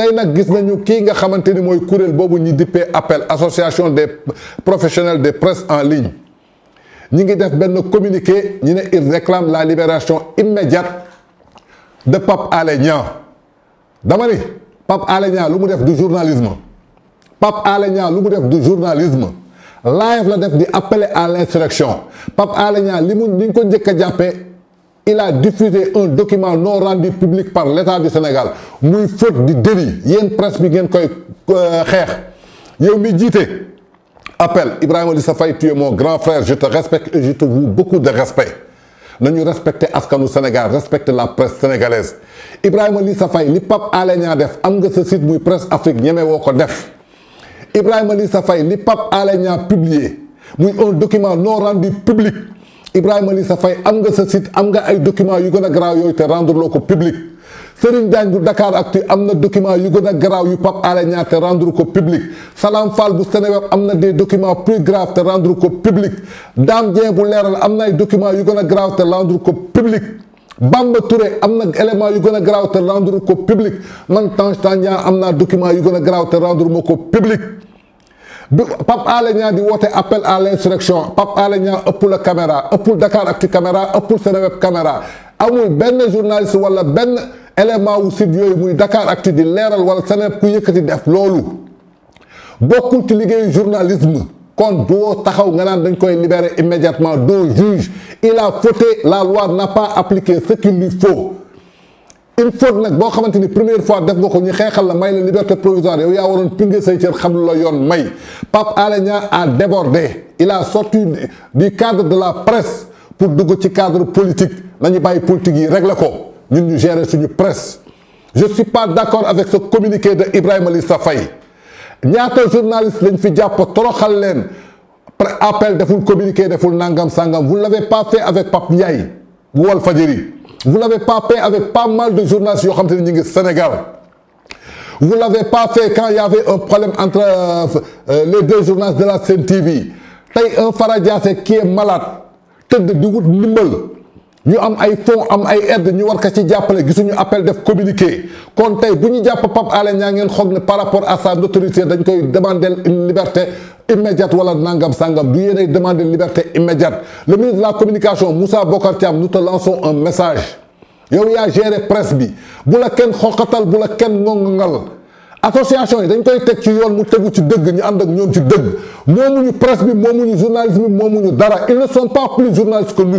C'est ce gis nañu avons nga xamante ni mooy kuréel appel association des professionnels de presse en ligne Nous avons communiqué ñi ne il la libération immédiate de Pape Alé Niang Pape Alé lu du journalisme Pape Alé le lu mu du journalisme live la def appeler à l'insurrection Pape Alé Niang li qui ni ko il a diffusé un document non rendu public par l'État du Sénégal muy faute du délit y une presse bi ngeen koy il euh, yow mi jiite appel Ibrahim Ali Safay, tu es mon grand frère je te respecte et je te voue beaucoup de respect nous respecter au Sénégal respecte la presse sénégalaise Ibrahim Ali Safay, les Pape Alé def am nga site presse Afrique ñeme pas def Ibrahima Ali Faye le Pape publié un document non rendu public Ibrahima sa Faye am nga sa site am nga ay documents yu gën a garaaw yooyu te rendre loo ko public Serigne Diagne bu Dakar Actu am na documents yu gën a garaaw yu Pape Alé Niang te rendre ko public Salam Fall bu Seneweb am na des document plus graves te rendre ko public Dame Dieng bu leeral am na ay documents yu gën a garaaw te rendre ko public Bamba Touré am na élément yu gën a garaaw te ko public man Tange Tandian am naa documents yu gën a garaaw te rendre ma ko public Pap Pape di appel à l'insurrection Pape Alé ëppul la caméra Dakar, Dakaractu caméra ëppul la caméra amul ben journaliste wala ben élément ou site yooyu muy Dakaractu di l'éral wala Seneweb ku yëkkati def lolu. Beaucoup de liggéeyu journalisme kon doo taxaw nga naan koy libérer immédiatement doo juge il a fauté la loi n'a pas appliqué ce qu'il lui faut une faute nak bo xamanteni première fois def nga ko ñu xéxal la may la liberté provisoire yow ya waroon pingé sey cër xam la yoon may Pape Alé a débordé il a sorti du cadre de la presse pour dugg ci cadre politique lañu bàyyi politique yi régler ko ñun ñu gérer suñu presse je suis pas d'accord avec ce communiqué de Ibrahim Ali Faye ñaata journaliste lañ fi jàpp toroxal leen appel deful communiqué deful nangam sangam vous l'avez pas fait avec Pape Ndiaye wol Walfadjri vous ne l'avez pas fait avec pas mal de journalistes au Sénégal. Vous ne l'avez pas fait quand il y avait un problème entre euh, euh, les deux journalistes de la CNTV. T'as un qui est malade. Tête de Dougout nous avons ay fonds am ay aide ñu war ko ci appel def communiquer. Quand tey nous ñu nous Pape par rapport à sa une liberté immédiate liberté immédiate le ministre de la communication Moussa Bokartiam, nous te lançons un message yow y géré presse bi bu la kenn bu la kenn association dañ koy ci ils ne sont pas plus journalistes que nous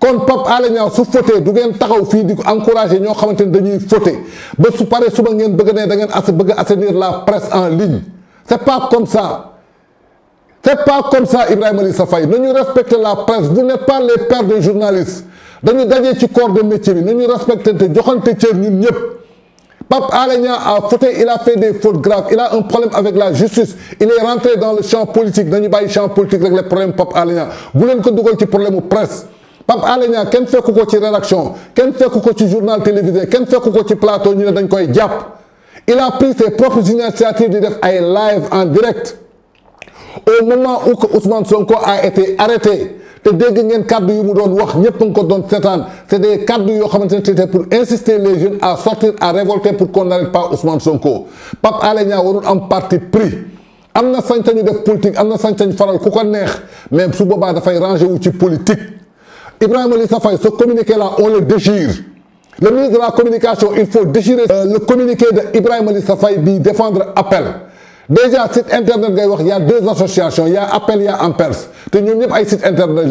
Quand Pape Alé Niang su il du taxaw encouragé ñoo dañuy foté ba su la presse en ligne c'est pas comme ça c'est pas comme ça Ibrahim Ali Safay. nous respectons la presse vous n'êtes pas les pères de journalistes Nous avons ci corps de métier Nous respectons les te joxante cër ñun ñëpp Pape Alé a fauté il a fait des fautes graves il a un problème avec la justice il est rentré dans le champ politique avons bàyyi champ politique avec les problèmes Pape Alé Vous voulez que nous ayons ci problème presse Papa Aléna, Niang kenn fait ci rédaction kenn fait fait ci journal télévisé kenn fait fait ci plateau il a pris ses propres initiatives de faire un live en direct au moment où Ousmane Sonko a été arrêté il a ngeen kàddu yu de doon wax c'est des cadres qui ont pour insister les jeunes à sortir à révolter pour qu'on n'arrête pas Ousmane Sonko Pape Aléna, a am parti pris Il a fait un def politique il na fait un faral ku ko neex mais su ranger politique. Ibrahim Ali Safai, ce communiqué-là, on le déchire. Le ministre de la Communication, il faut déchirer euh, le communiqué d'Ibrahim Ali Safay, défendre appel. Déjà, site internet, il y a deux associations, il y a Appel, il y a Ampers. Nous internet.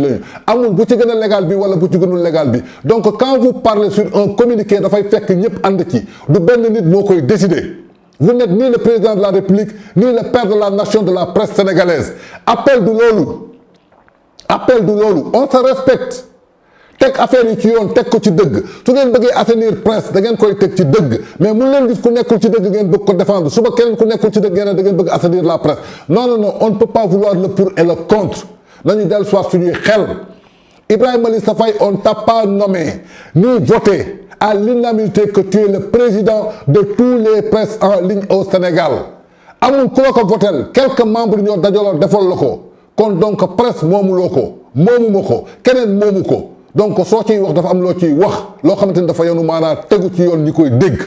légal ou légal. Donc, quand vous parlez sur un communiqué, il faut faire que tout le monde soit décider. Vous n'êtes ni le président de la République, ni le père de la nation de la presse sénégalaise. Appel de l'OLU. Appel de l'OLU. On se respecte tek affaire yi ci yoon teg ko ci dëgg su ngeen bëggee assainir presse da ngeen koy teg ci dëgg mais mun leen gis ku nekkul ci dëgg ngeen bëgg ko défendre suba keneen ku nekkul ci dëgg ngeen da ngeen bëgg assainir la presse non non non on ne peut pas vouloir le pour et le contre nañu dellu soit suñuy xel Ibrahima ali safay on t'a pas nommé ni voté à l'unanimité que tu es le président de tous les presses en ligne au Sénégal amul ku la ko votel quelques membres ñoo dajaloo defal la ko kon donc presse moomu loo ko moomu ma ko keneen moomu ko donc soo ciy wax dafa am loo ciy wax loo xamante ni dafa yoonu maanaa tegu ci yoon ñi koy dégg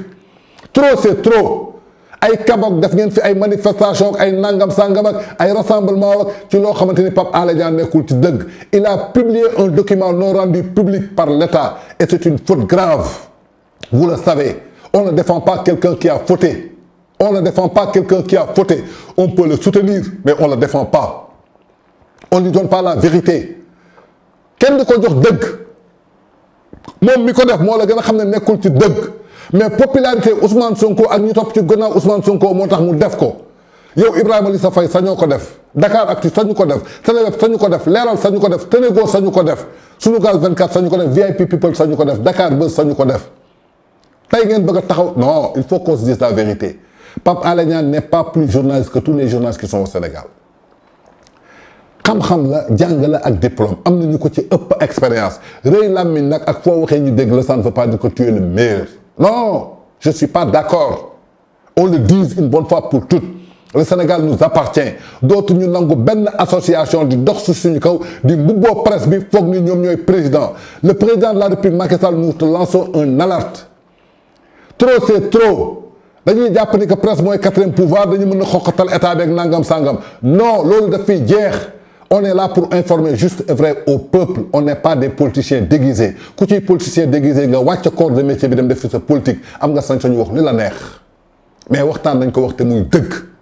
trop c'est trop ay kabok def ngeen fi ay manifestation ay nangam sangam ak ay rassemblement ak ci lo xamanteni ni Pape Alé Niang ci deug il a publié un document non rendu public par l'État et c'est une faute grave vous le savez on ne défend pas quelqu'un qui a fauté on ne défend pas quelqu'un qui a fauté on peut le soutenir mais on ne le défend pas on ne lui donne pas la vérité kenn du ko jox dëgg moom mi ko def moo la gën a xam ne nekkul ci dëgg mais popularité Ousmane Sonko ak ñu topp ci gannaaw Ousmane Sonko moo tax mu def ko yow Ibrahima Lissa Faye sañoo ko def Dakar Actu sañu ko def Sénégal sañu ko def Leeral sañu ko def Ténégo sañu ko def Sunugal 24 sañu ko def VIP People sañu ko def Dakar Buzz sañu ko def tey ngeen bëgg a taxaw non il faut qu'on se dise la vérité Pape Alé n'est pas plus journaliste que tous les journalistes qui sont au Sénégal xam-xam la jàng la ak diplôme am na ñu ko ci ëpp expérience rëy làmmiñ nag ak foo waxee ñu dégg la ça ne veut pas dire que tu es le meilleur non je suis pas d'accord on le dise une bonne fois pour toutes le Sénégal nous appartient ñu nangu benn association di dox su suñu kaw di mbubboo presse bi foog ni ñoom ñooy président le président de la République Macky Sall nous lançons un alerte trop c'est trop dañuy jàpp ni que presse mooy quatrième pouvoir dañu mën a xoqatal état ak nangam sangam non loolu daf fi jeex. On est là pour informer juste et vrai au peuple. On n'est pas des politiciens déguisés. tu un politicien déguisé as un corps de métier de défense politique am nga sañ la mais waxtaan de ko wax te